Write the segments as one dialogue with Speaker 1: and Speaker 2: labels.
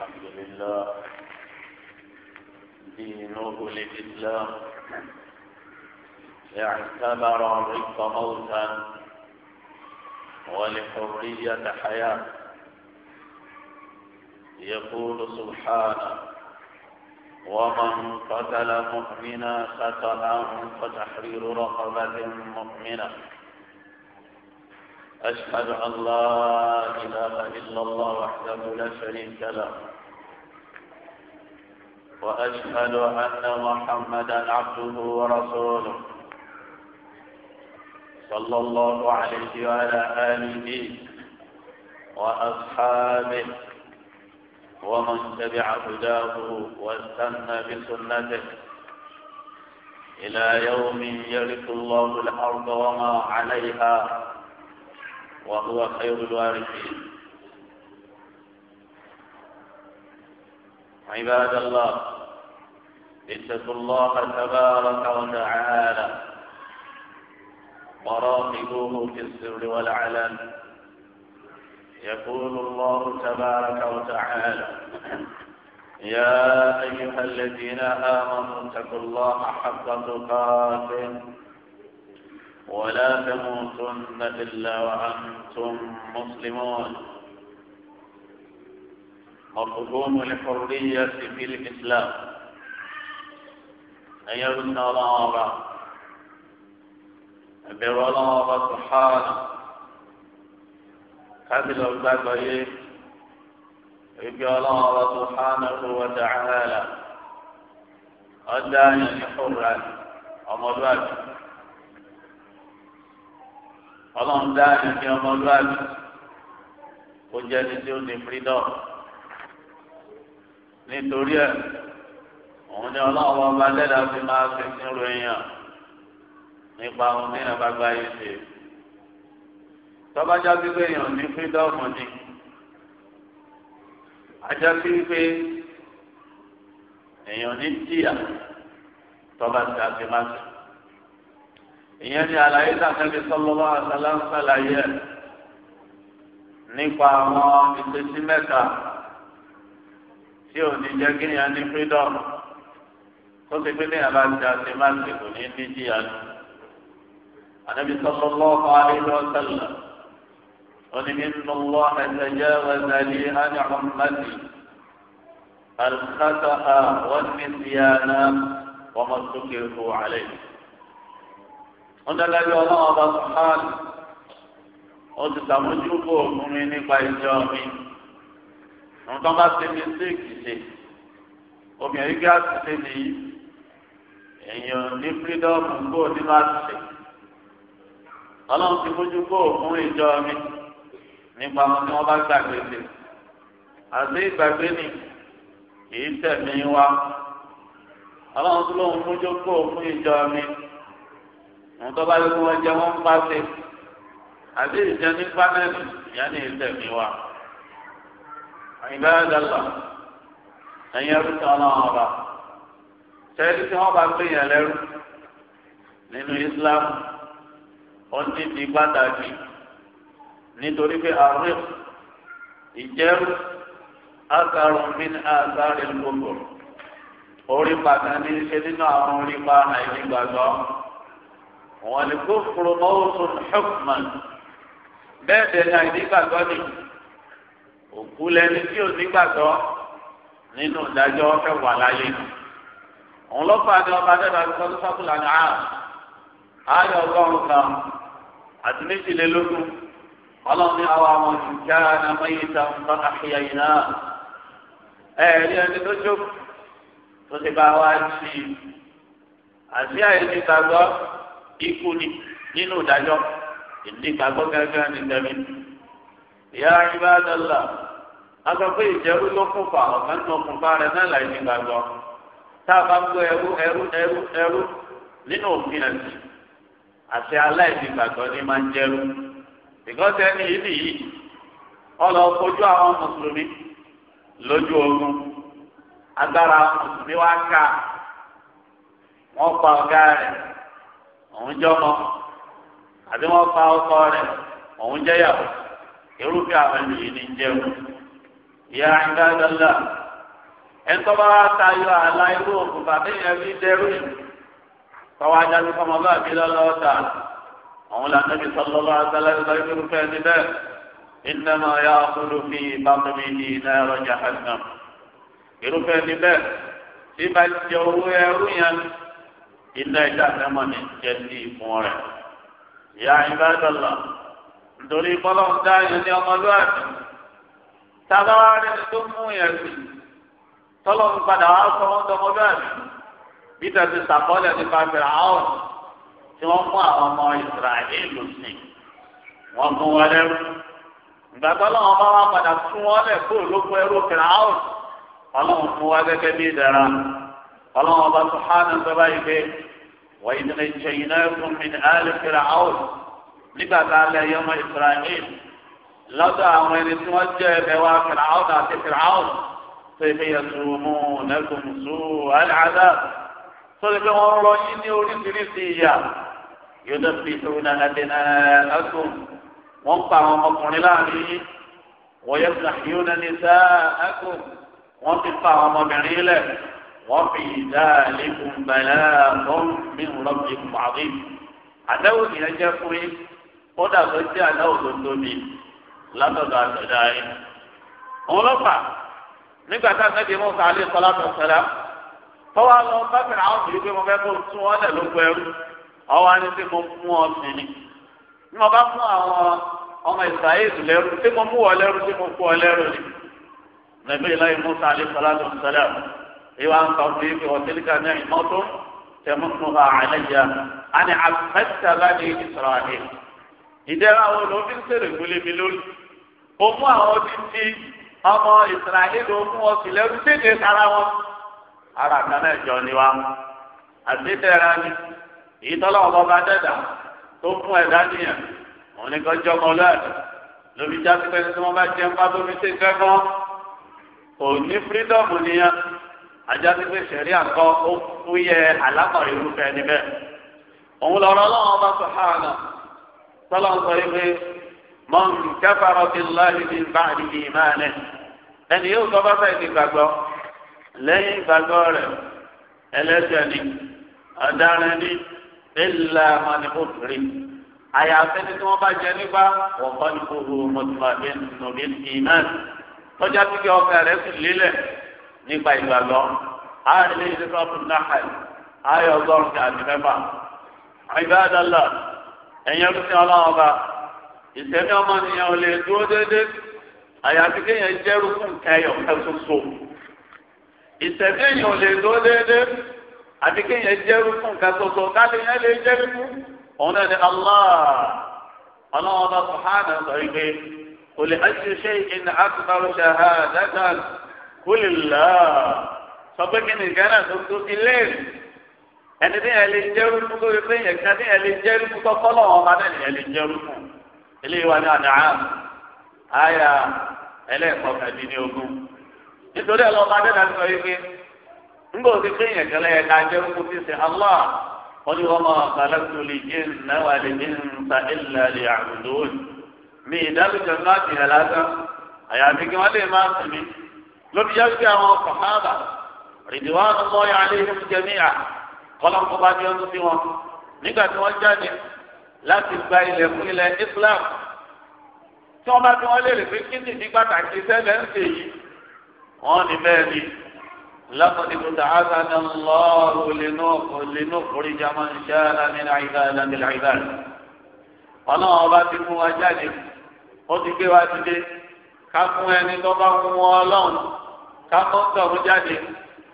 Speaker 1: الحمد لله دينه الإسلام اعتبر الرق موتا ولحرية حياة يقول سبحانه ومن قتل مؤمنا خطأ فتحرير رقبة مؤمنة أشهد أن لا إله إلا الله وحده لا شريك له وأشهد أن محمدا عبده ورسوله صلى الله عليه وعلى آله وأصحابه ومن تبع هداه واستنى بسنته إلى يوم يرث الله الأرض وما عليها وهو خير الوارثين عباد الله اتقوا الله تبارك وتعالى وراقبوه في السر والعلن يقول الله تبارك وتعالى يا أيها الذين آمنوا اتقوا الله حق تقاته ولا تموتن إلا وأنتم مسلمون مفهوم لحرية في الإسلام أيضا الله أبر الله سبحانه قبل البقية يبقى الله سبحانه وتعالى أداني حرا أمرات الله داني في أمرات وجدت في freedom nítorí ẹ òun ni ọlọ́wọ́ ọba dẹ́dá fi máa fi sínú èèyàn nípa ohun tí èèyàn bá gba yìí ṣe. tọ́bajá pípé èèyàn ní fídọ́ọ̀mù ni ajá pípé èèyàn ní tíyà tọ́ba ti àti máa ṣe. ìyẹn ni àlàyé sàkẹ́bí sọ́lọ́wọ́ àṣàlá ń ṣàlàyé ẹ̀ nípa àwọn ìṣesí mẹ́ta tí ò ní jẹ́ kí èèyàn ní freedom tó ti pé téèyàn bá ti àti má ti kò ní ní jìyà ni. ànábi sallallahu alaihi wa sallam oní inna Allah tajawaza li an ummati al-khata'a wan-nisyana wa ma sukiru alayhi. wọ́n dá lábẹ́ ọlọ́run ọba sùhánù ó ti sàmójúkò fún mi nípa ìjọ mi àwọn tó bá ṣe mistake ṣe obìnrin kí á ti ṣe nìyí èèyàn ní freedom kó ní bá ti ṣe ọlọ́run ti fojú kó fún ìjọ mi nípa wọn tí wọ́n bá gbàgbé àti ìgbàgbé ni kì í tẹ̀mí wa ọlọ́run tó lóun fojú kó fún ìjọ mi wọn tó bá yẹ kó wọn jẹ wọn ń pàṣẹ àti ìjẹ ní pánẹ́lì ìyá ni ìtẹ̀mí wa ìbáradàlà ẹ̀yin ẹrú tí ọlọ́run ọba sẹ́ẹ̀dí tí wọ́n bá gbé yẹn lẹ́rú nínú Islam ọtí ti pàtàkì nítorí pé àrùn ìjẹ́rú akarùn mi ní àtàrí gbogbo orí pàtàkì ní ṣe nínú àwọn orí pa àìní gbàgbọ́ wọn ni kó fúru mọ́wó sùn hukman bẹ́ẹ̀ bẹ́ẹ̀ ni àìní gbàgbọ́ nìyí. òkú lẹni tí ò nígbàgbọ́ nínú ìdájọ́ ọ̀fẹ́ wà láyé òun lọ́pàá ní ọba dẹ́gbà tó tọ́jú ní àrùn ààrẹ ọgọ́rùn-ún kan àti méjìlélógún ọlọ́run ní àwọn ìjà ń bá yìí náà ẹni tó jókòó tó ti bá wa àti àìní gbàgbọ́ ikú ni nínú ìdájọ́ ìdí gbàgbọ́ gẹ́gẹ́ ní ya ibadala agbapẹ ìjẹrú ló fa ọkàn tó fa rẹ n'ala láì ní gbàgbọ́ tá a bá gbọ́ ẹrú ẹrú ẹrú ẹrú nínú òfin ẹsìn àti aláìní gbàgbọ́ ní ń jẹrú ìgbọ́sẹ̀ ní ìdí yìí ogun agbára mùsùlùmí ká wọn pa ọgá rẹ òun jọmọ àbí wọn pa ọkọ rẹ òun irúfẹ́ àwọn ènìyàn ní jẹun ìyá ìdádọ́là ẹ̀tọ́ bá wá tayọ àlà irú òkun bàbá yẹn fi dẹrù tọ́wọ́ ajá ló fọmọ bá mi lọ́lọ́wọ́ ta àwọn làná mi sọ lọ́lọ́ àtàlẹ́ lọ irúfẹ́ ẹni bẹ́ẹ̀ ìnáma ya ọkùnrin fi bàtọ́ mi ní iná ẹ̀rọ jahannam irúfẹ́ ẹni bẹ́ẹ̀ tí bá jẹ owó ẹrú yẹn iná ìjà sẹ́mọ̀ ní jẹ́ sí ìfún rẹ̀ ìyá ìdádọ́là nítorí bọ́lá ń dá yẹn ní ọmọlúwàbí tábà wá rẹ tó mú yẹn sí tọ́lọ́ ń padà wá sọ wọ́n dọ́mọlúwàbí bí tẹ̀sí sàkọ́lẹ̀ nípa fẹ̀rẹ̀ àwọn tí wọ́n mú àwọn ọmọ ìsirahí lù sí wọ́n mú wọn lẹ́rú ìgbàgbọ́ lọ́wọ́ bá wá padà tún wọn lẹ̀ kó lóko ẹrú fẹ̀rẹ̀ àwọn ọlọ́run fún wa gẹ́gẹ́ bí ìdára ọlọ́run ọba tó hánà sọ báyìí pé wà nígbà tá a lẹ yọmọ Ibrahim lọ́dọ̀ àwọn ẹni tí wọ́n jẹ́ ẹ̀bẹ̀ wa fìràwọn àti fìràwọn tó ibi yẹtùmù nẹkùnmùsù aláàdá tó ibi wọn rọ yín ní oríṣiríṣi ìyà yóò fi tó nàdínà ẹkùn wọn pa àwọn ọmọkùnrin láàrin yín wọ́n yẹ fún àyíwò náà ní ẹkùn wọ́n fi pa àwọn ọmọbìnrin lẹ̀ wọ́n fi ìdá àlékún bẹ̀rẹ̀ fún mi rọ́bì pàdé àdáwò ìyẹn jẹ́ fún yín kódà tó jẹ́ aláwọ̀ tó tóbi látọ̀dọ̀ àtọ̀dá rẹ̀. òun ló fà nígbà tá a nẹ́bí mú ká alẹ́ sọlá tó sẹlá tọ́wọ́ lọ bá fẹ̀rẹ̀ àwọn òbí pé mo fẹ́ kó tún ọ́ lẹ̀ ló gbọ́ ẹrú ọwọ́ ni pé mo mú ọ sí ni bí mo bá fún àwọn ọmọ ìsàyèsù lẹ́rú tí mo mú ọ lẹ́rú tí mo kú ọ lẹ́rú ni nàbí ìlàyé mú ká alẹ́ sọlá tó sẹlá ìwà ń sọ fún yìí pé ọ̀tẹ́líkà náà ìmọ́tò àlẹ́ yá àni ní ìsọ̀rọ̀ àdéhùn ìdẹ́ra àwọn olófin sèrè gbélébí lórí ó mú àwọn títí ọmọ ìsirahílì ó mú wọn sílẹ̀ ó tètè sára wọn ara kan náà jọ ni wa àti tẹ̀ra ni ìtọ́lọ́ ọmọ bá dẹ́dà tó fún ẹ̀dá nìyẹn òun ni kan jọ́ kan lọ́ọ̀dù lóbi jáde pẹ́ẹ́ni tí wọ́n bá jẹun bá tóbi sí kẹ́kọ́ òní fírídọ́ọ̀mù nìyẹn àjáde pé sẹ̀rí àkọ́ ó fúyẹ́ alámọ̀ irúfẹ́ níbẹ̀ òun lọ́rọ́ tọ́lọ́ ń sọ wípé mọ́n kẹfàrọ̀ bí láàyè bí bá àdìgì máa nẹ. ẹni yóò sọ bá fẹ́ẹ́ di gbàgbọ́ lẹ́yìn gbàgbọ́ rẹ̀ ẹlẹ́sẹ̀ ni ọ̀daràn ni ilà mọ̀nìkùnrin àyàfẹ́ ni tí wọ́n bá jẹ nípa ọ̀kọ́ ni kò hu mọ̀tìmọ̀tì nùbí ìmán tó kí ọkọ̀ rẹ̀ sì lélẹ̀ nípa ìgbàgbọ́ àárín ilé ìdíkọ́ fún náà àyọ̀ ọgọ́rùn ẹ̀yin ọlọ́sìn ọlọ́run ọba ìtẹ́mi ọmọnìyàn ò lè dúró déédéé àyàfi kéèyàn jẹ́rú fún kẹyọ̀ kẹsoso ìtẹ̀mí èèyàn ò lè dúró déédéé àfi kéèyàn jẹ́rú fún kẹsoso káàdì yẹn lè jẹ́rú fún òun náà ni Allah ọlọ́run ọba kò lè ẹsẹ̀ ṣe ìnà ṣàhà dáadáa kúlìlá sọ pé kí nìkan náà tó tó ilé rẹ̀ ẹni tí yẹn lè jẹrú fún lórí pé yẹn kan tí yẹn lè jẹrú fún tọkọlọ wọn bá dẹni yẹn lè jẹrú fún eléyìí wà ní àdáhà àyà ẹlẹ́ẹ̀kọ́ kàbí ní ogún nítorí ẹ̀ lọ́ọ́ bá dẹ́nà sọ yìí pé ńgbà òsì pé yẹn kan lẹ́yìn ká jẹrú fún fífi Allah wọ́n ní wọ́n máa jẹ́ náwà lè ní nta ìlà lè àgùdó mi ìdálùjọ náà ti hẹ̀ lásán kọ́lọ́kọ́ bá ní ọdún sí wọn nígbà tí wọ́n jáde láti gba ilẹ̀ fún ilẹ̀ Islam tí wọ́n bá fi wọ́n léèrè pé kí nìdí pàtàkì sẹ́lẹ̀ ń ṣe yìí wọ́n ní bẹ́ẹ̀ ni lọ́kọ̀dé kò tà á sáná lọ́ọ̀rù lẹ́nu kórè jama ń ṣe ara nínú àyíká lẹ́nu rẹ̀ ọlọ́run ọba ti fún wa jáde ó ti gbé wa dìde ká fún ẹni tó bá fún wọn ọlọ́run ká fún jáde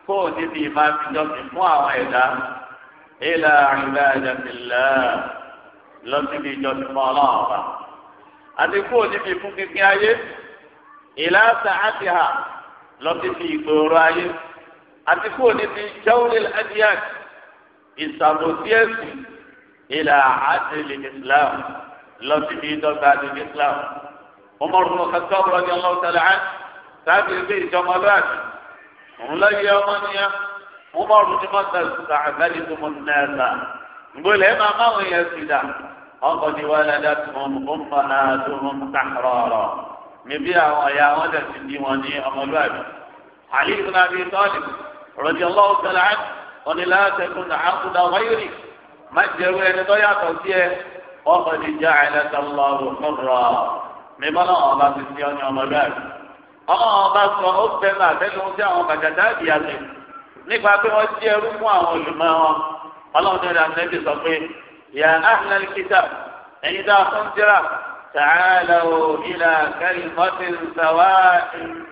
Speaker 1: kó o níbi ìmáa fi jọ fún àwọn ẹ̀dá ilà ìlà ìjàpìlẹ̀ lọ síbi ìjọsìn fún ọlọ́run ọba àti kúrò níbi fún kíkín ayé ìlà sàátì hà lọ síbi ìgbòòrò ayé àti kúrò níbi jẹ́wọ́lẹ̀ adìyàn ìsàbòsí ẹ̀sìn ilà àdìlì islam lọ síbi ìdọ́gba àdìlì islam Umar bin Khattab radiyallahu ta'ala anhu sábẹ́ ilé ìjọmọlúwàbí òun lọ yẹ ọmọ nìyẹn umaru tí wọ́n tẹ̀ ṣùgbọ́n àgbàdì tó mọ̀ nẹ́ẹ̀ta ìgbòlẹ̀ máa máwọn yẹn ti dà ọkọ̀ ni wọ́n lẹ́dá tó mọ̀ ń fa náà tó mọ̀ ń ta rọ̀rọ̀ níbi àwọn ọ̀yà wọn tẹ̀ ti di wọn ní ọmọlúwàbí. àlì ibùdó àbí tọ́lì rọ̀dí ọlọ́wọ́ sọlá ọ̀nìlá tẹ̀kùn àkùdà wáyérì má ẹni tó yàtọ̀ sí ẹ ọkọ̀ ni já ẹlẹ́tàlọ́rù mọ̀rọ̀ nípa pé wọ́n jẹ́ ẹrú fún àwọn olùmọ̀ wọn ọlọ́run ní ìlànà ẹ̀dẹ̀ sọ pé yà áhùnà kìtà ẹ̀yin tá a fún jẹ́ra tààlà ò ilà kárí mọ́tì ṣàwá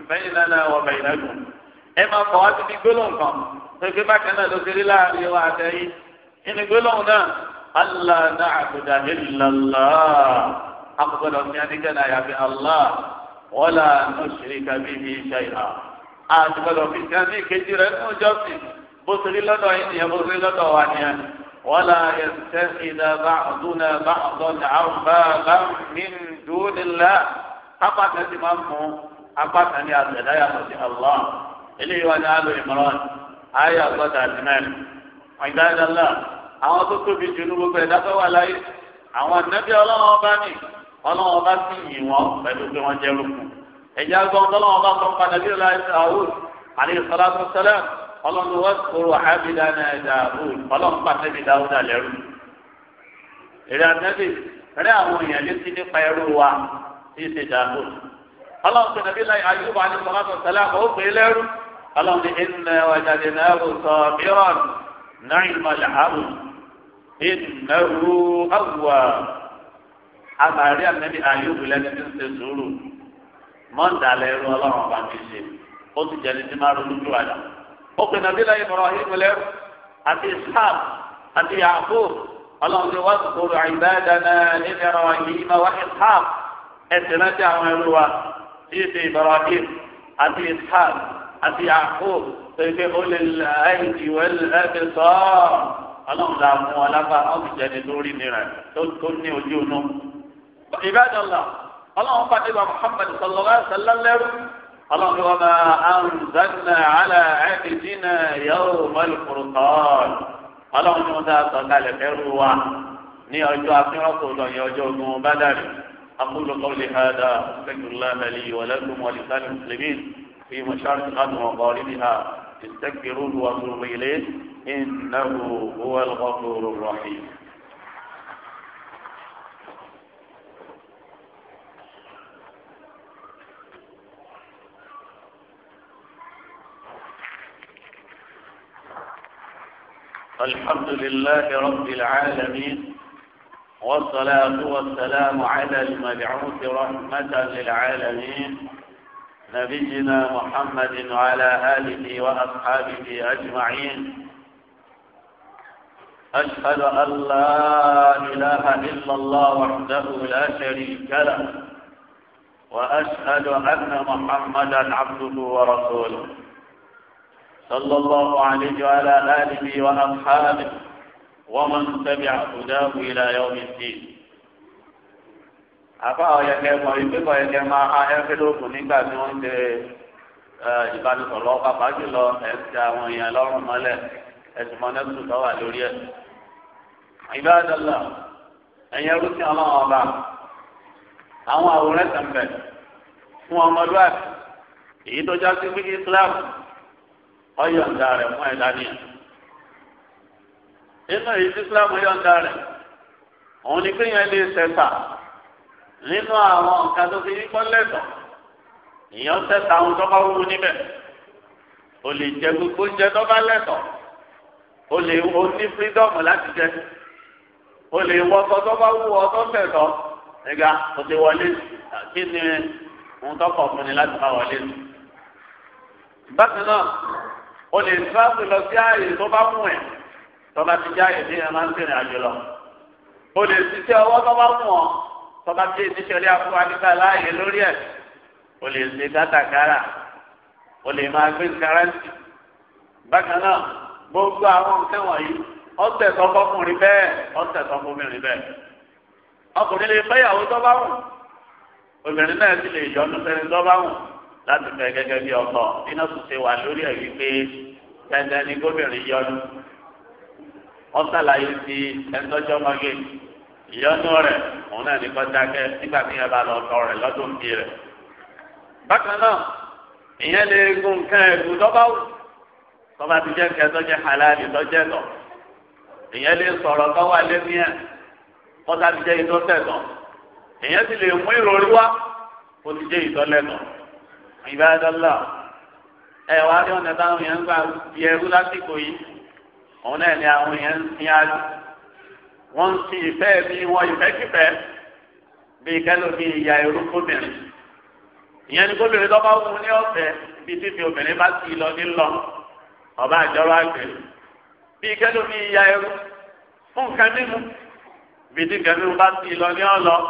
Speaker 1: ìbẹ́yìnlá wọ bẹ̀yìnlẹ́nu. ẹ máa fọwọ́ sí ní gbólóhùn kan tó gbé bákan náà ló ti rí láàrin wa àtẹ̀yìn inú gbólóhùn náà allah náà àbùdá ìlàlá àkọ́kọ́ lọ́ọ́ fi náà yàgbé àtìgbọ́dọ̀ fi kan ní ìkejì rẹ̀ nínú jọ́sìn bó ti rí lọ́dọ̀ yín nìyẹn bó ti rí lọ́dọ̀ wa nìyẹn. ولا يتخذ بعضنا بعضا أربابا من دون الله أبا تتمامه أبا تنيا تدايا الله إليه ونال عمران آية قد أتمام عباد الله àwọn tó tóbi jù ní gbogbo ẹ̀dá tó wà láyé àwọn ànábì ọlọ́wọ́n bá ní ọlọ́wọ́n bá sì yìn wọ́n pẹ̀lú pé wọ́n jẹ́ lókun ẹ̀jẹ̀ agbọ̀n tọ́lọ́ wọn bá sọ fún anabi láì sàwùd àlẹ́ sàlámù sàlám ọlọ́run wọ́n kúrò àbídá náà dàbùd ọlọ́run pàtẹ́bí dáwúdà lẹ́rù. èrè àtẹ́bí rẹ́ àwọn èèyàn létí nípa ẹrú wa tí ì ṣe dàbùd. ọlọ́run pè nàbí láì ayúbọ̀ àlẹ́ sàlámù sàlám ó pè é lẹ́rù. ọlọ́run iná wàjáde náà sọ mìíràn náà làhàbù ìnáwó àwùwà mọ́ńdà lẹ́rú ọlọ́run ọba mi ṣe ó ti jẹ́ ní tí máa ronú jù àdá. ó pè nàbí láyé Ibrahim lẹ́rú àti Ishaq àti Yaqub ọlọ́run ti wá kòkòrò ibadana Ibrahim wa Ishaq ẹsẹ̀ náà ti àwọn ẹrú wa tí ì fi Ibrahim àti Ishaq àti Yaqub pèsè olè láyé ìwẹ́lì ẹ̀mí sọ́ọ̀ ọlọ́run làá mú ọ lábàá ó ti jẹ́ ní lórí nìrẹ̀ tó ní ojú inú. Ibadallah. ọlọ́run bá nígbà muhammed sallallahu alayhi wa sallam lẹ́rú ọlọ́run wọn bá anzanna ala abidina yawmal furqan ọlọ́run wọn dá sọ̀kalẹ̀ fẹ́rù wa ní ọjọ́ afẹ́rọ́kọ̀ lọ ní ọjọ́ ogun bádàrí أقول قولي هذا أستغفر الله لي ولكم ولسان المسلمين في مشارق الأرض ومغاربها استغفروه وأتوبوا إليه إنه هو الغفور الرحيم الحمد لله رب العالمين والصلاة والسلام على المبعوث رحمة للعالمين نبينا محمد وعلى آله وأصحابه أجمعين أشهد أن لا إله إلا الله وحده لا شريك له وأشهد أن محمدا عبده ورسوله صلى الله عليه وعلى آله وأصحابه ومن تبع هداه إلى يوم الدين àbá ọ̀yẹ́ kẹ́ mọ̀ ìgbé kọ̀ yẹ kẹ́ máa ha ẹ́fẹ́lógún nígbà tí wọ́n ṣe ìbánisọ̀rọ̀ pàápàá jùlọ ẹ̀sìn àwọn èèyàn lọ́rùn mọ́lẹ̀ ẹ̀sìn mọ́ nẹ́sùn tó wà lórí ẹ̀. ìbádọ́là ẹ̀yẹ rúṣin ọlọ́run ọba àwọn àwòrán ẹ̀sìn bẹ̀ fún ọmọlúwàbí èyí tó já sí pé Islam ọyọ̀ǹda rẹ̀ fún ẹ̀dá ni. nínú èyí tí Islam yọ̀ǹda rẹ̀ òun ni pé yẹn lè ṣẹ̀ta nínú àwọn nǹkan tó fi yíkọ́ lẹ́tọ̀ ìyẹn ṣẹ̀ta ohun tó bá wù níbẹ̀ o lè jẹ gbogbo oúnjẹ tó bá lẹ́tọ̀ o lè o ní fírídọ́ọ̀mù láti jẹ o lè wọ ọkọ tó bá wù ọ tó nígbà o ti wọlé kí ni ohun tó kọ̀ fún láti bá wọlé. bákan náà o lè tíráàtì lọ sí ààyè tó bá mú ẹ tọba ti jáde ní ẹ máa ń tẹ̀lé àjò lọ o lè ṣiṣẹ́ ọwọ́ tó bá mú ọ tọba ti ṣiṣẹ́ orí afúnwa nípa láàyè lórí ẹ o lè ṣe kátàkárà o lè máa gbé kárántì bákan náà gbogbo àwọn nǹkan wọ̀nyí ọ̀sẹ̀ tọkọkùnrin bẹ́ẹ̀ ọ̀sẹ̀ tọkọkùnrin bẹ́ẹ̀ ọkùnrin lè fẹ́yàwó tó bá wù obìnrin náà sì lè yọ ọdún sẹ́ni tó bá wù láti fẹ́ gẹ́gẹ́ bí ọkọ nínú ṣùṣe wà lórí ẹ̀ wípé dandan ni gómìnà yọnu wọ́n sàlàyé ti ẹ̀ńtọ́jọ́ mọ́gé ìyọnu rẹ̀ òun náà ní kọ́dákẹ́ nígbà tí yẹn bá lọ tọ rẹ̀ lọ́dún bí rẹ̀. bákan náà ìyẹn lè gun nǹkan ẹ̀gùn lọ́ba wù tọ́ba ti jẹ́ nǹkan tọ́jẹ́ halali tọ́jẹ́ lọ ìyẹn lè sọ̀rọ̀ tó wà lẹ́mí ẹ̀ kọ́ta ti jẹ́ ìtọ́tẹ̀ lọ ìyẹn ti lè mú ìròrí wá ó ti jẹ́ ìtọ́lẹ̀ lọ ìbádọ́lá ẹ wá ní ọ̀nà táwọn èèyàn ń gbà bí ẹrú lásìkò yìí òun náà ni àwọn èèyàn ń sin ájú wọ́n ń sin ìfẹ́ bí wọ́n ìfẹ́kífẹ́ bíi kẹ́lómi ìyá ẹrú kóbìnrin ìyẹn ni kóbìnrin tó bá wù ní ọ̀fẹ́ bíi títí obìnrin bá ti lọ nílọ ọba àjọrò àgbẹ̀ bíi kẹ́lómi ìyá ẹrú fún nǹkan bíi títí kẹ́lómi bá ti lọ ní ọ̀lọ́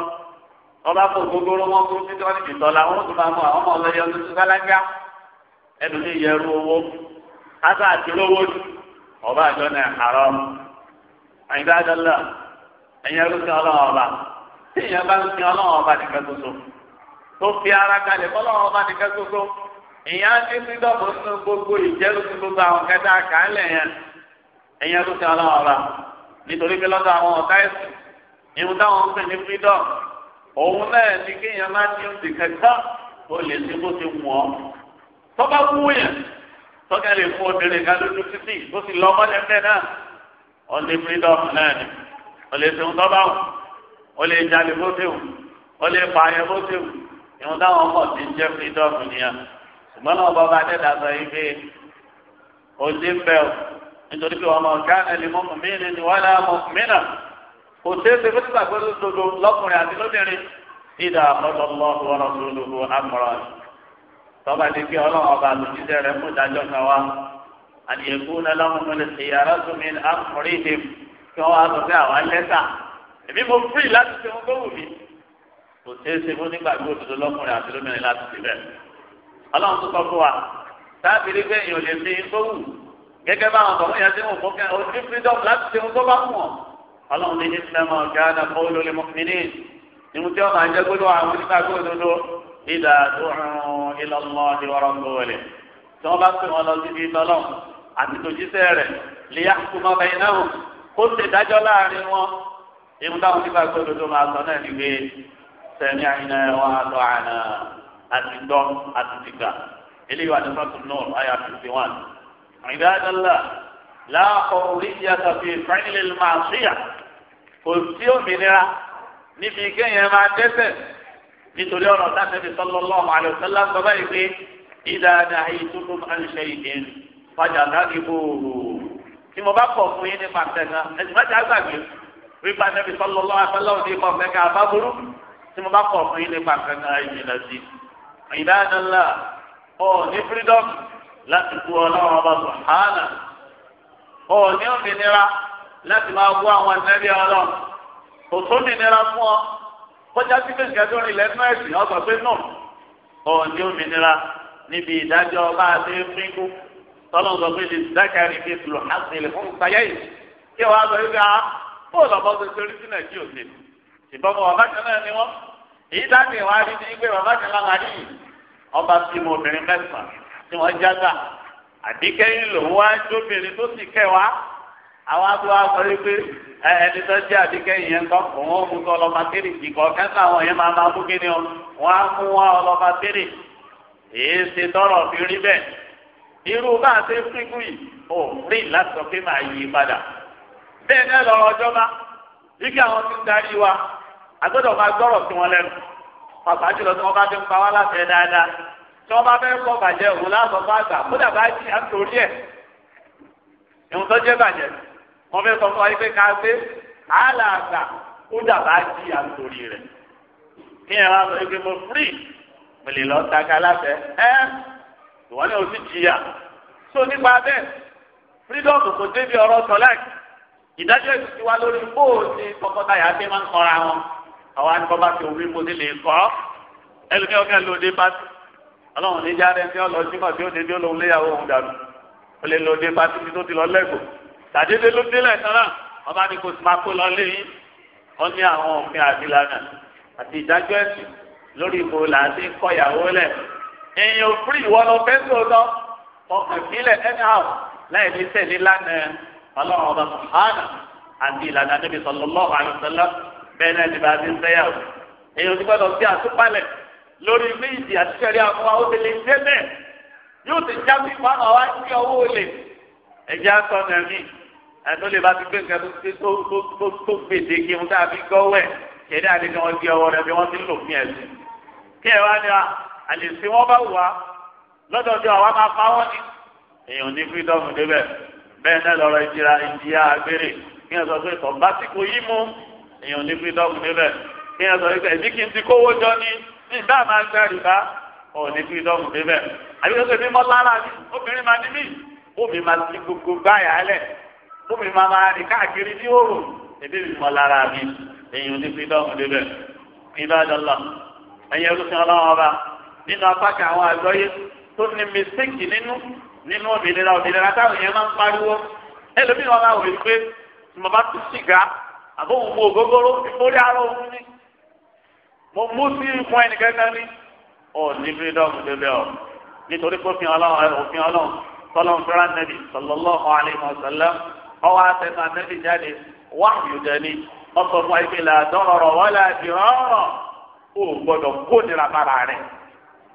Speaker 1: ọba kò gbogbooro wọn kó títí wọn ti tọ́lá wọn tó máa mú àwọn ọmọ ọlọ́yẹ ọdún tó sálágá ẹnu ní ìyẹrù owó ásà àti lówó ọba àjọ náà àrọ àyìnbá àjọlá ẹ̀yìn ẹrú sí ọlọ́wọ́ ọba tí ìyẹn bá ń sin ọlọ́wọ́ ọba nìkan ṣoṣo tó fi ara kalẹ̀ fọlọ́wọ́ ọba nìkan ṣoṣo ìyẹn á ti sí dọ́kọ̀ nínú gbogbo ìjẹ́rù sí gbogbo àwọn kẹta àkàálẹ̀ yẹn ẹ̀yìn ẹrú sí ọlọ́wọ́ ọba nítorí pé lọ́dọ̀ àwọn ọ̀tá ẹ̀sìn ìhun táwọn ń pè ní freedom òun náà ní kéèyàn máa ní oṣù kẹta ó lè ṣe bó ti wù ọ́ tọ́ba wú yẹn tọ́ka lè fún obìnrin kan lójú títì ó sì lọ ọmọdé ńlẹ̀ náà ó lè freedom náà ni ó lè ṣeun tọ́ba wù ó lè jalè bó ti wù ó lè pààyàn bó ti wù ìwọ̀n táwọn ọmọ ti ń jẹ́ freedom nìyẹn ṣùgbọ́n náà bàbá adẹ́dà sọ yìí pé ó ti ń nítorí pé ọmọ ọ̀gá ẹni mọ́mọ́ mí kò ṣeé ṣe fún ìgbàgbọ́ lódodo lọ́kùnrin àti lóbìnrin ìdá ọlọ́lọ́hu ọlọ́dúnlóhu amọ̀ràn tọ́ba ti fi ọlọ́run ọba àlùjíṣẹ́ rẹ̀ fún ìdájọ́ kan wá àdìyẹ̀kú lọ́lọ́run lè ṣe yàrá sómi amúrìdìm kí wọ́n wá sọ pé àwa lẹ́tà èmi mo fírì láti ṣe ohun tó wù mí kò ṣeé ṣe fún lọ́kùnrin àti lóbìnrin láti ṣe bẹ́ẹ̀ ọlọ́run tó ọlọ́run ní ìsìlámù ọ̀gá àdàpọ̀ olólè mọ́kìnínní ìmú tí wọ́n máa ń jẹ́ gbọ́dọ̀ àwọn onígbàgbọ́ òdodo ìdá tóun ìlọ́mọ́ ti wọ́rọ́ ń gbọ́wọ́lẹ̀ tí wọ́n bá pè wọ́n lọ síbi ìtọ́lọ́ àti tòjíṣẹ́ rẹ̀ lìyà kúmọ́ bẹ́yìn náà kó ṣe dájọ́ láàrin wọn ìmú táwọn onígbàgbọ́ òdodo máa sọ náà nígbè sẹ́ni àyìnà wọn àtọ̀ kò sí òmìnira níbi kéèyàn máa dẹ́sẹ̀ nítorí ọ̀rọ̀ sáfẹ́bí sallallahu alaihi wasallam sọ báyìí pé ìdá nahaytukum an shay'in fajtanibuhu tí mo bá kọ̀ fún yín nípa tẹ̀gán ẹ̀sìn mẹ́ta gbàgbé wípa nẹ́bí sallallahu alaihi wasallam ní ikọ̀ fẹ́ burú tí mo bá kọ̀ fún yín nípa tẹ̀gán ìjìnlẹ̀ sí ìdá láti máa wú àwọn ẹnẹ́bí ọlọ́run kò tó nìnira fún ọ kọjá sí pé nǹkan tó rìn lẹ́nu ẹ̀sìn ọgbà pé nù ọ̀ọ́ni òmìnira níbi ìdájọ́ ọba àti fínkù tọ́lọ́n sọ pé lè dákàrí fi tùlù àtìlẹ̀ fún ìpayẹ́ yìí kí wàá sọ wípé a ah, kó lọ́mọ tó torí sínú ẹ̀jí òde ìbọn bàbá kan náà ni wọ́n èyí dáàbì wá rí ní pé bàbá kan náà rí ọba sí mu obìnrin mẹ́sàn-án tí wọ́n jágà àbíkẹ́yìn lòun wá jóbìnrin tó sì kẹwàá. àwọn àtúwà sọ wípé ẹni tó jẹ́ àdìgẹ́ ìyẹn kan òun ó mú kọ́ ọlọ́ba tẹ́lẹ̀ ìkọ̀ kẹ́sà àwọn yẹn máa máa mú kí ọ wọ́n á mú ọlọ́ba tẹ́lẹ̀ èyí ṣe tọrọ fi rí bẹ́ẹ̀ irú bá a ṣe fíkú yìí ò rí láti sọ pé máa yí padà bẹ́ẹ̀ náà lọ́rọ̀ ọjọ́ba wíkẹ́ àwọn ti darí wa àgbẹ̀dọ̀ máa gbọ́rọ̀ sí wọn lẹ́nu pàpà jùlọ tí wọ́n bá fi ń pa wá láti ẹ̀ dáadáa tí wọ́n fẹ́ sọ fún wa pé ká gbé àhàlà àgbà ó dàbá jí àtòrí rẹ̀ kí ẹ̀ máa sọ pé mo firi pèlè lọ taka láfẹ ẹ ìwọ́n ní oṣù jìyà so nípa bẹ́ẹ̀ fírídọ́ọ̀mù kò débi ọ̀rọ̀ sọ̀láàkì ìdájọ́ ìtutù wa lórí bóòsì tọkọtaya bí máa ń kọra wọn àwọn àníkọ́ bá fi òwe mọ́tò lè kọ́ ẹlòmíì ọ̀gá lóde pátì ọlọ́run ní jáde ẹni ọlọ́sìn kan tí ó débi olóhùn léyàwó òun dànù ó lè lóde pátì tí tó ti lọ lẹ́gbọ̀ọ́ tàdédé ló délẹ̀ sára ọba ní kò sì máa kó lọ léyìn wọn ní àwọn òfin àdìlànà àti ìdájọ́ ẹ̀sìn lórí ìbò làásì kọyàwó lẹ̀ èèyàn fúri ìwọ lọ fẹ́ sọ̀tọ̀ ọkàn sílẹ̀ anyhow láì ní tẹ̀lé lánàá ọlọ́run ọba sùhánà àti ìlànà níbi sallallahu alaihi wasallam bẹ́ẹ̀ náà ti bá a ti ń sẹ́yàwó èèyàn ti gbọ́dọ̀ sí àtúpalẹ̀ lórí ilé ìdí àtúnṣẹ́rí àwọn òṣèlè débẹ̀ yóò ti já fífa àwọn wá sí ọwọ́ olè ẹ̀jẹ̀ ẹ̀tọ́ lè bá ti gbé nǹkan tó tó tó gbèdé kí wọn tàbí gọ́wẹ̀ kẹ́dẹ́ àdéhùn wọn di ọwọ́ rẹ bí wọ́n ti ń lò fún ẹ̀sìn. kí ẹ wá ní wa àlè sí wọn bá wà lọ́dọ̀ tí àwa máa pa wọ́n ni. èèyàn ní fídọ́mù débẹ̀ bẹ́ẹ̀ náà lọ́rọ̀ ìjìra ìjìyà agbére kí ẹ sọ pé tọ̀gbá tí kò yí mu èèyàn ní fídọ́mù débẹ̀ kí ẹ sọ pé ẹ̀mí kí n ti kówó jọ ní nígbà máa ń gbẹrù bá ọ̀ ní fídọ́mù débẹ̀ àbí sọ pé mímọ́ lára ni obìnrin máa ní mí obìnrin máa ti gbogbo gbáyà lẹ̀ lómi máa máa rìn káàkiri ní òòrùn ebi mi mọ lára mi èyàn ní fídọ́ọ̀mù débẹ̀ ìbádọ́lá ẹ̀yẹ olùsìn ọlọ́run ọba nínú apákan àwọn àgbọ́yé tó ní mistake nínú nínú òmìnira òmìnira táwọn èèyàn máa ń pariwo ẹlòmíì wọn máa wò ó pé mo bá tún sìgá àbó mo mú ògógóró mórí ara òun ni mo mú sí fún ẹnìkankan ní ọ ní fídọ́ọ̀mù débẹ̀ ọ nítorí pé òfin ọlọ́run òfin ọlọ́run tọ́lọ́run fẹ́ràn nẹ́bì sallallahu alaihi wasallam ọwọ́ àtẹnu àtẹ́bí jáde wáyù dẹ́ni ọsọ fún ayé la dọ́rọ̀rọ̀ wọ́n la di rọ́rọ̀ o gbọ́dọ̀ kó nira bára rẹ̀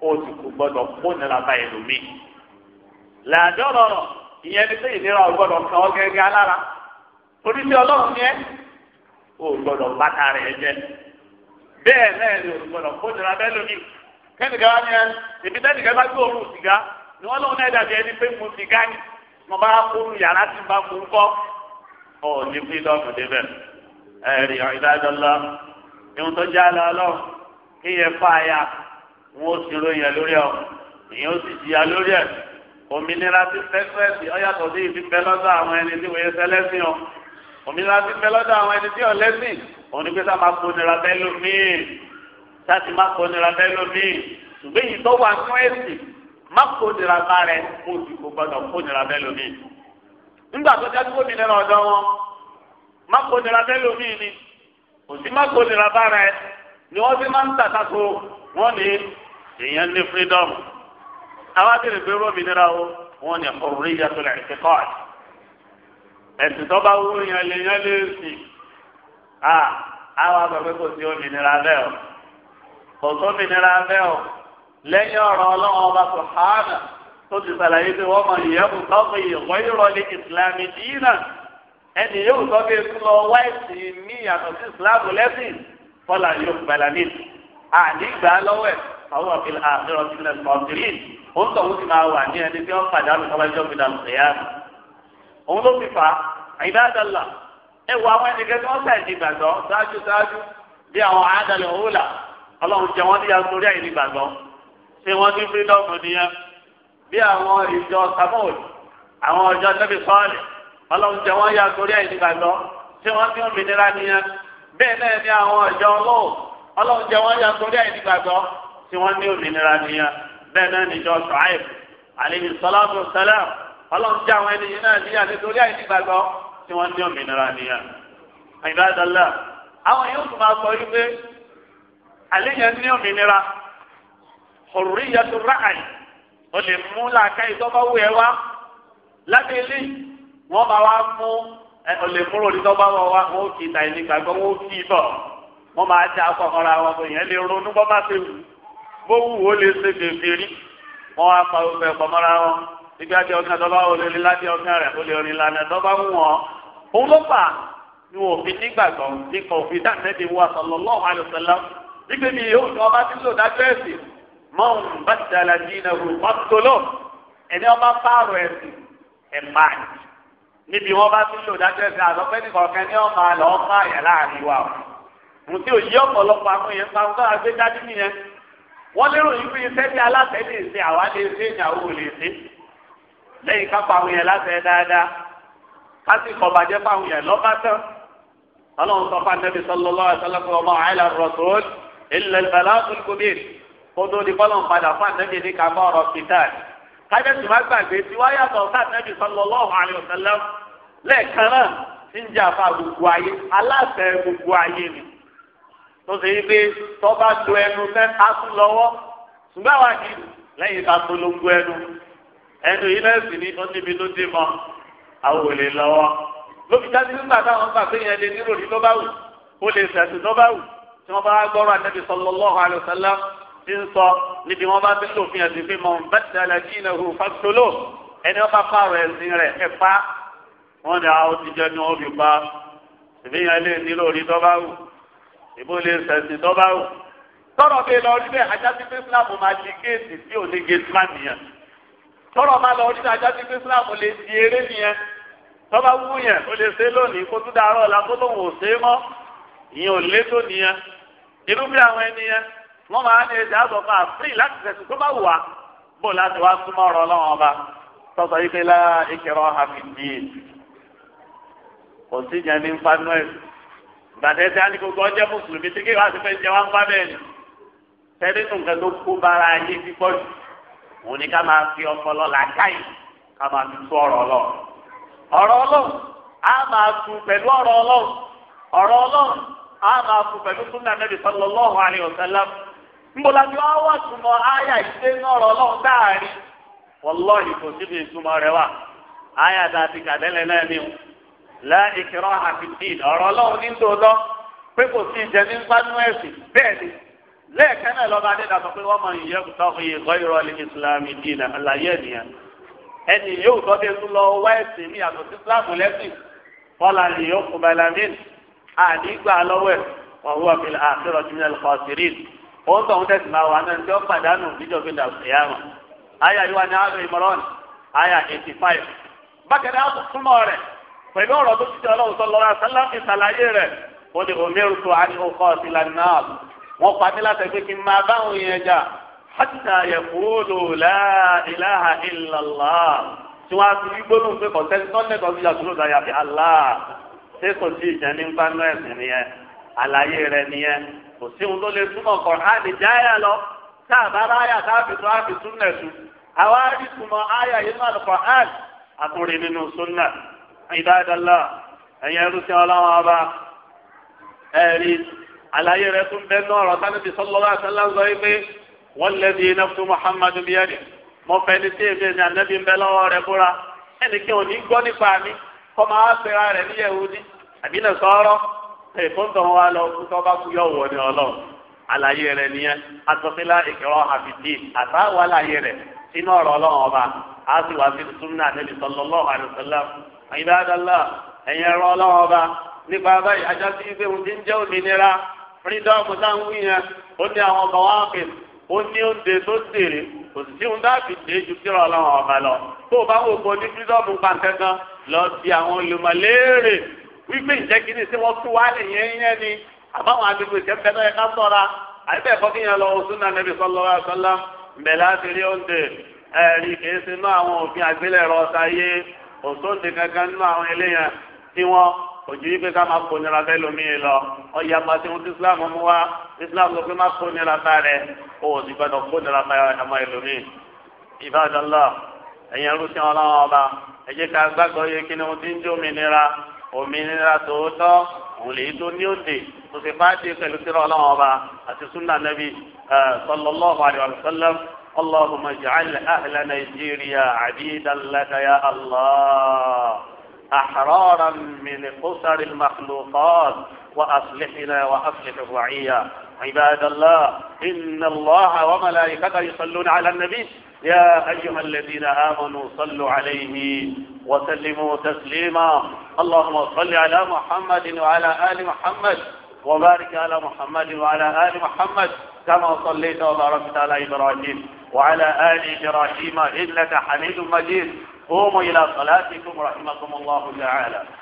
Speaker 1: o sì kò gbọ́dọ̀ kó nira bá ẹlòmí. làdọ́rọ̀rọ̀ ìyẹn ní sẹ́yìn nira o gbọ́dọ̀ kàn ọ́ gẹ́gẹ́ alára oníṣẹ́ ọlọ́run yẹn o gbọ́dọ̀ bàtà rẹ̀ jẹ bẹ́ẹ̀ náà ni o gbọ́dọ̀ kó nira bá ẹlòmí. kẹ́nìkan wá ní ẹ ìbí tẹ́nìkan bá gbé sìgá ni wọ́n lóun náà dàbí ẹni pé mu sìgá ni mo bá kúrú yàrá tí mo bá kú kọ́ ọ ní fídọ́ọ̀mù débẹ̀ ẹ̀rì ìdájọ́ lọ ìhun tó já lọ lọ kí yẹ fàáyà wọn ó sì ròyìn ẹ lórí ọ ìyẹn ó sì jìyà lórí ẹ òmìnira ti fẹ́fẹ́sì ọ̀yàtọ̀ sí ìfipẹ́ lọ́dọ̀ àwọn ẹni tí wòye sẹ́lẹ́sìn ọ òmìnira ti fẹ́ lọ́dọ̀ àwọn ẹni tí ọ̀lẹ́sìn òun ni pé sá máa ponira bẹ́ẹ̀ lómìn sá ti máa ponira bẹ́ẹ̀ lómìn ṣùgbọ́n tó wà fún má kó nira bá rẹ kó o sì kó gbọ́dọ̀ kó nira bẹ lómi nígbà tó dájú kó mi lẹ́nu ọ̀dọ̀ wọn má kó nira bẹ lómi ni kò sí má kó nira bá rẹ ni wọ́n fi máa ń tàtàkó wọ́n ní èèyàn ní freedom àwọn akéde pé rómi nira o wọ́n ní ọ̀rẹ́ ìyàtọ̀ rẹ̀ ti kọ́ ẹ̀sìn tó bá wú yẹn lè lè sì à àwọn àgbàgbé kò sí òmìnira bẹ́ẹ̀ o kò sómìnira bẹ́ẹ̀ o lẹ́yìn ọ̀rọ̀ ọlọ́run ọba sùhánà tó ti sàlàyé pé wọ́n mọ ìyẹ́bù tọ́pẹ́ ìwọ́ ìrọ̀lẹ́ ìsìlámì dínà ẹni yóò sọ pé kí lọ wá ẹ̀sìn mí yàtọ̀ sí ìsìlámù lẹ́sìn fọlá yóò gbàlá ní àdìgbà lọ́wọ́ àwọn ọ̀kìn àfẹ́rọ̀ sí ilẹ̀ sọ̀tìrín ó ń tọ̀wọ́ máa wà ní ẹni tí wọ́n pàdánù kọ́bájọ́ fi dànù sẹ́yà òun ló fi fà ṣé wọ́n ní freedom nìyẹn bí àwọn ìjọ samuel àwọn ọjọ́ tẹ́bí sọ́ọ̀lì ọlọ́run jẹ́ wọ́n ya torí ẹ̀ nígbàgbọ́ ṣé wọ́n ní òmìnira nìyẹn bẹ́ẹ̀ náà ní àwọn ọjọ́ ọlọ́run ọlọ́run jẹ́ wọ́n ya torí ẹ̀ nígbàgbọ́ ṣé wọ́n ní òmìnira nìyẹn bẹ́ẹ̀ náà níjọ ṣùáìb àlejò sọláàbù sẹlẹm ọlọ́run jẹ́ àwọn ènìyàn náà níyà nítorí ẹ̀ nígbàgbọ́ ṣé wọ́n ní òmìnira nìyẹn àyìnbá dọ́là àwọn yóò tún máa sọ hurriyatu ra'ayi o lè mú làákà ìtọ́ba wù ẹ wá lábẹ́ ilé wọ́n bá wá mú o lè mú lórí tọ́ba wọ wá wọ́n kì í ta ẹni gbàgbọ́ wọ́n kì í bọ̀ wọ́n máa já akọkọra wọn bọ̀ yẹn lè ronú bọ́ bá ṣe wù bó wù ó lè ṣe fèfèrè wọ́n wá pa ọgbẹ pọ̀mọ́ra wọn ibi àti ọ̀gá tọ́ba wò lè láti ọ̀gá rẹ̀ o lè rìn lànà tọ́ba wọn òun ló fà ni wọ́n nígbàgbọ́ nípa òfin dáńtẹ́ mọ́n bá dàlà dínà rú ọ̀tọ́lọ́ ẹni ọba fáàrọ̀ ẹ̀sìn ẹ̀ máa ní. níbi wọn bá nílò dájọ́ ẹ̀sìn àlọ́pẹ́ nìkọ̀ọ̀kan ní ọmọ àlọ́ ọmọ àyà láàrin wa o. mo ti òyí ọ̀pọ̀lọpọ̀ àwọn èèyàn pa nǹkan àgbé dájú nìyẹn. wọ́n lérò yìí fún iṣẹ́ bí aláṣẹ lè ṣe àwa lè ṣe ìyàwó lè ṣe. lẹ́yìn ká àwọn èèyàn láṣẹ dáadáa ká sì kọ̀ èèyàn lọ́ba ọlọ́run sọ fún anábì sọlọ́lọ́ kótó ní bọ́lọ̀ ń padà fún àtẹ́bí ní kàmọ́ ọ̀rọ̀ kìtàn kájẹ́sì má gbàgbé tí wọ́n yàtọ̀ sàtẹ́bí sallallahu alaihi wasallam lẹ́ẹ̀kan náà ń jà fa gbogbo ayé aláṣẹ gbogbo ayé ni tó ṣe yí pé tọ́ba lo ẹnu fẹ́ ká tún lọ́wọ́ ṣùgbọ́n àwọn àti lẹ́yìn ká tó ló gbọ́ ẹnu ẹnu yìí lẹ́sìn ní ó níbi dé mọ́ àwọn ò lè lọ́wọ́ nígbà táwọn gbà pé yẹn lè nírò ní ló ó lè sẹ̀sìn ló tí wọ́n bá gbọ́rọ̀ àtẹ́bí sallallahu alaihi ti ń sọ níbi wọn bá ti ń lòfin ẹ̀sìn pé mọ̀ bẹ́tẹ̀ lẹ́jì iná hù fásitólò ẹni wọn bá pààrọ̀ ẹ̀sìn rẹ̀ ẹ̀ pa wọn ni àwọn ti jẹ́ ní wọn fi pa ìfihàn ilé ní lórí tọ́ba wù ìbò lè sẹ̀sìn tọ́ba wù tọ́rọ̀ bẹ́ẹ̀ lọ rí bẹ́ẹ̀ ajá sí pé Islam máa di géètì tí ò ní géètì má nìyẹn tọ́rọ̀ máa lọ rí bẹ́ẹ̀ ajá sí pé Islam lè di eré nìyẹn tọ́ba wù yẹn ó lè ṣe lónìí kó tún dàárọ̀ la kó lóun ò ṣe é mọ́ ìyẹn ò lé tó nìyẹn irú bí àwọn ẹni yẹn wọ́n máa ní ẹsẹ̀ àgbọ̀fà free láti tẹ̀sí tó bá wù wá bó láti wá súnmọ́ ọ̀rọ̀ ọba tọ́sọ̀ yìí pé láà ìkẹrọ hàmìdì kò sí jẹ́ ní nfanu a gbogbo ọjọ́ mùsùlùmí tí kéwàá ti fẹ́ jẹ́ wá ń bá bẹ́ẹ̀ ni tẹ́lẹ̀ tó nǹkan tó kó bára ayé jù òun ni ká máa fi làákàyè ká máa fi tú ọ̀rọ̀ ọ̀rọ̀ ọlọ́run á máa tu pẹ̀lú ọ̀rọ̀ ọlọ́run ọ̀rọ̀ ọlọ́run nbola ni wọn wá túmọ̀ àyà ìdè náà rọ lọ́wọ́ dáàrin wọlọ́ọ̀hìn kò síbi ìtumọ̀ rẹ wà àyà tá a ti kà tẹ́lẹ̀ náà ni o la ìkìrọ̀ àfìdín ọ̀rọ̀ lọ́wọ́ ní tòótọ́ pé kò sí ìjẹ ní pánú ẹ̀sìn bẹ́ẹ̀ ni lẹ́ẹ̀kẹ́ náà lọ́ba adé dàtọ̀ pé wọ́n mọ ìyẹ́ kùtà òye ìkọ́ ìrọ̀lẹ́ ìsìlámì dìínà àlàyé ènìyàn ẹni yóò tọ́ dé lọ wá ẹ̀sìn mi àtọ̀ sí sílámù lẹ́sìn fọlá ni yóò kú balamin àdígbà lọ́wọ́ ẹ̀ wọ́n wọ́n fi àṣírọ̀ jùlọ kọ́sìrín òun tó ń tẹ̀sí máa wà náà tí ó pàdánù níjọba ìdàgbéyàwó àyà yìí wà ní àrùn ìmọ̀ràn àyà eighty five bákan náà tó rẹ̀ pẹ̀lú ọ̀rọ̀ tó ti jẹ́ ọlọ́run tó lọ́ra sálá fi rẹ̀ ó ní omeru tó a ọkọ̀ ọ̀sìnlá wọ́n pa mí láti pé kí n máa báwọn yẹn jà hàtìtà yẹ̀kúrò láìláha ìlàlá tí wọ́n á pé kò sí ohun tó lè túmọ̀ Kùránì jáyà lọ tá a bá ráyà tá a fi tún a fi tún nà sùn àwa rí túmọ̀ áyà yìí nínú Kùránì àtúnrin nínú súnà ìdádàlá ẹ̀yẹ rúṣin ọlọ́wọ́n ọba ẹ̀rí àlàyé rẹ̀ tún bẹ́ẹ̀ náà ọ̀rọ̀ sánibí sọlọ́lá sẹ́láńsọ yìí pé wọ́n lé di nafsu Muhammadu biyadi mo fẹ́ ní tí èmi ní anabi ń bẹ lọ́wọ́ rẹ̀ búra ẹnì kí òní gbọ́ nípa mi kọ́ máa wá pera rẹ̀ ní Yẹhudi àbí nà sọ́ọ́rọ́ ẹ̀fọ́ntàn wa lọ kú tó bá kú yọ wọ ni ọlọ́run àlàyé rẹ nìyẹn atọ́sílá ìkẹrọ àfìdí àtàwọn àlàyé rẹ sínú ọ̀rọ̀ ọlọ́run ọba á sì wá sí súnmọ́ àtẹ́lẹ̀ sọlọ́lọ́ àdùsọ́lá ìbádàlá ẹ̀yìn ẹ̀rọ ọlọ́run ọba nípa báyìí ajá sí ibi ohun tí ń jẹ́ òmìnira fírídọ́ọ̀mù táwọn yẹn ó ní àwọn ọmọ wa pè ó ní oúnjẹ tó tèrè kò sí ohun tá a fi dé ju kíra ọlọ́run ọba lọ tó o bá wò wípé ìjẹ́ kínní sí wọ́n tú wálé yẹn yẹn ni àbáwọn agbègbè kẹfẹ́ náà yẹ ká sọ̀ra àyẹ̀bẹ̀ ẹ̀kọ́ kí yẹn lọ sunna nàbì sallallahu alaihi wasallam mbẹ̀lẹ́ àtẹ̀lé oúnjẹ ẹ̀rí kìí sinú àwọn òfin àgbélẹ̀rọ ọ̀sá yé òṣòǹdè kankan nínú àwọn eléyàn tí wọ́n òjì yìí pé ká máa kónira bẹ́ẹ̀ lómi yìí lọ ọ̀yà pàṣẹ ohun tí islam mú wá islam ló pé má kónira bá rẹ ó sì gbọdọ̀ kónira bá ọmọ ìlúmi ìbádọ́lá ẹ̀yìn ẹrú sí ọlọ́run ọba ẹ̀jẹ̀ ká gbàgbọ́ yé kí ni ohun tí ń jó mi nira òmìnira tòótọ́ òun lè tó ní òde tó fi fáàdé pẹ̀lú tírọ̀ ọlọ́run ọba àti súnà nàbí sallallahu alaihi wa sallam اللهم اجعل أهل نيجيريا عبيدا لك يا الله أحرارا من قصر المخلوقات وأصلحنا وأصلح الرعية عباد الله إن الله وملائكته يصلون على النبي يا أيها الذين آمنوا صلوا عليه وسلموا تسليما اللهم صل على محمد وعلى آل محمد وبارك على محمد وعلى آل محمد كما صليت وباركت على إبراهيم وعلى آل إبراهيم إنك حميد مجيد قوموا إلى صلاتكم رحمكم الله تعالى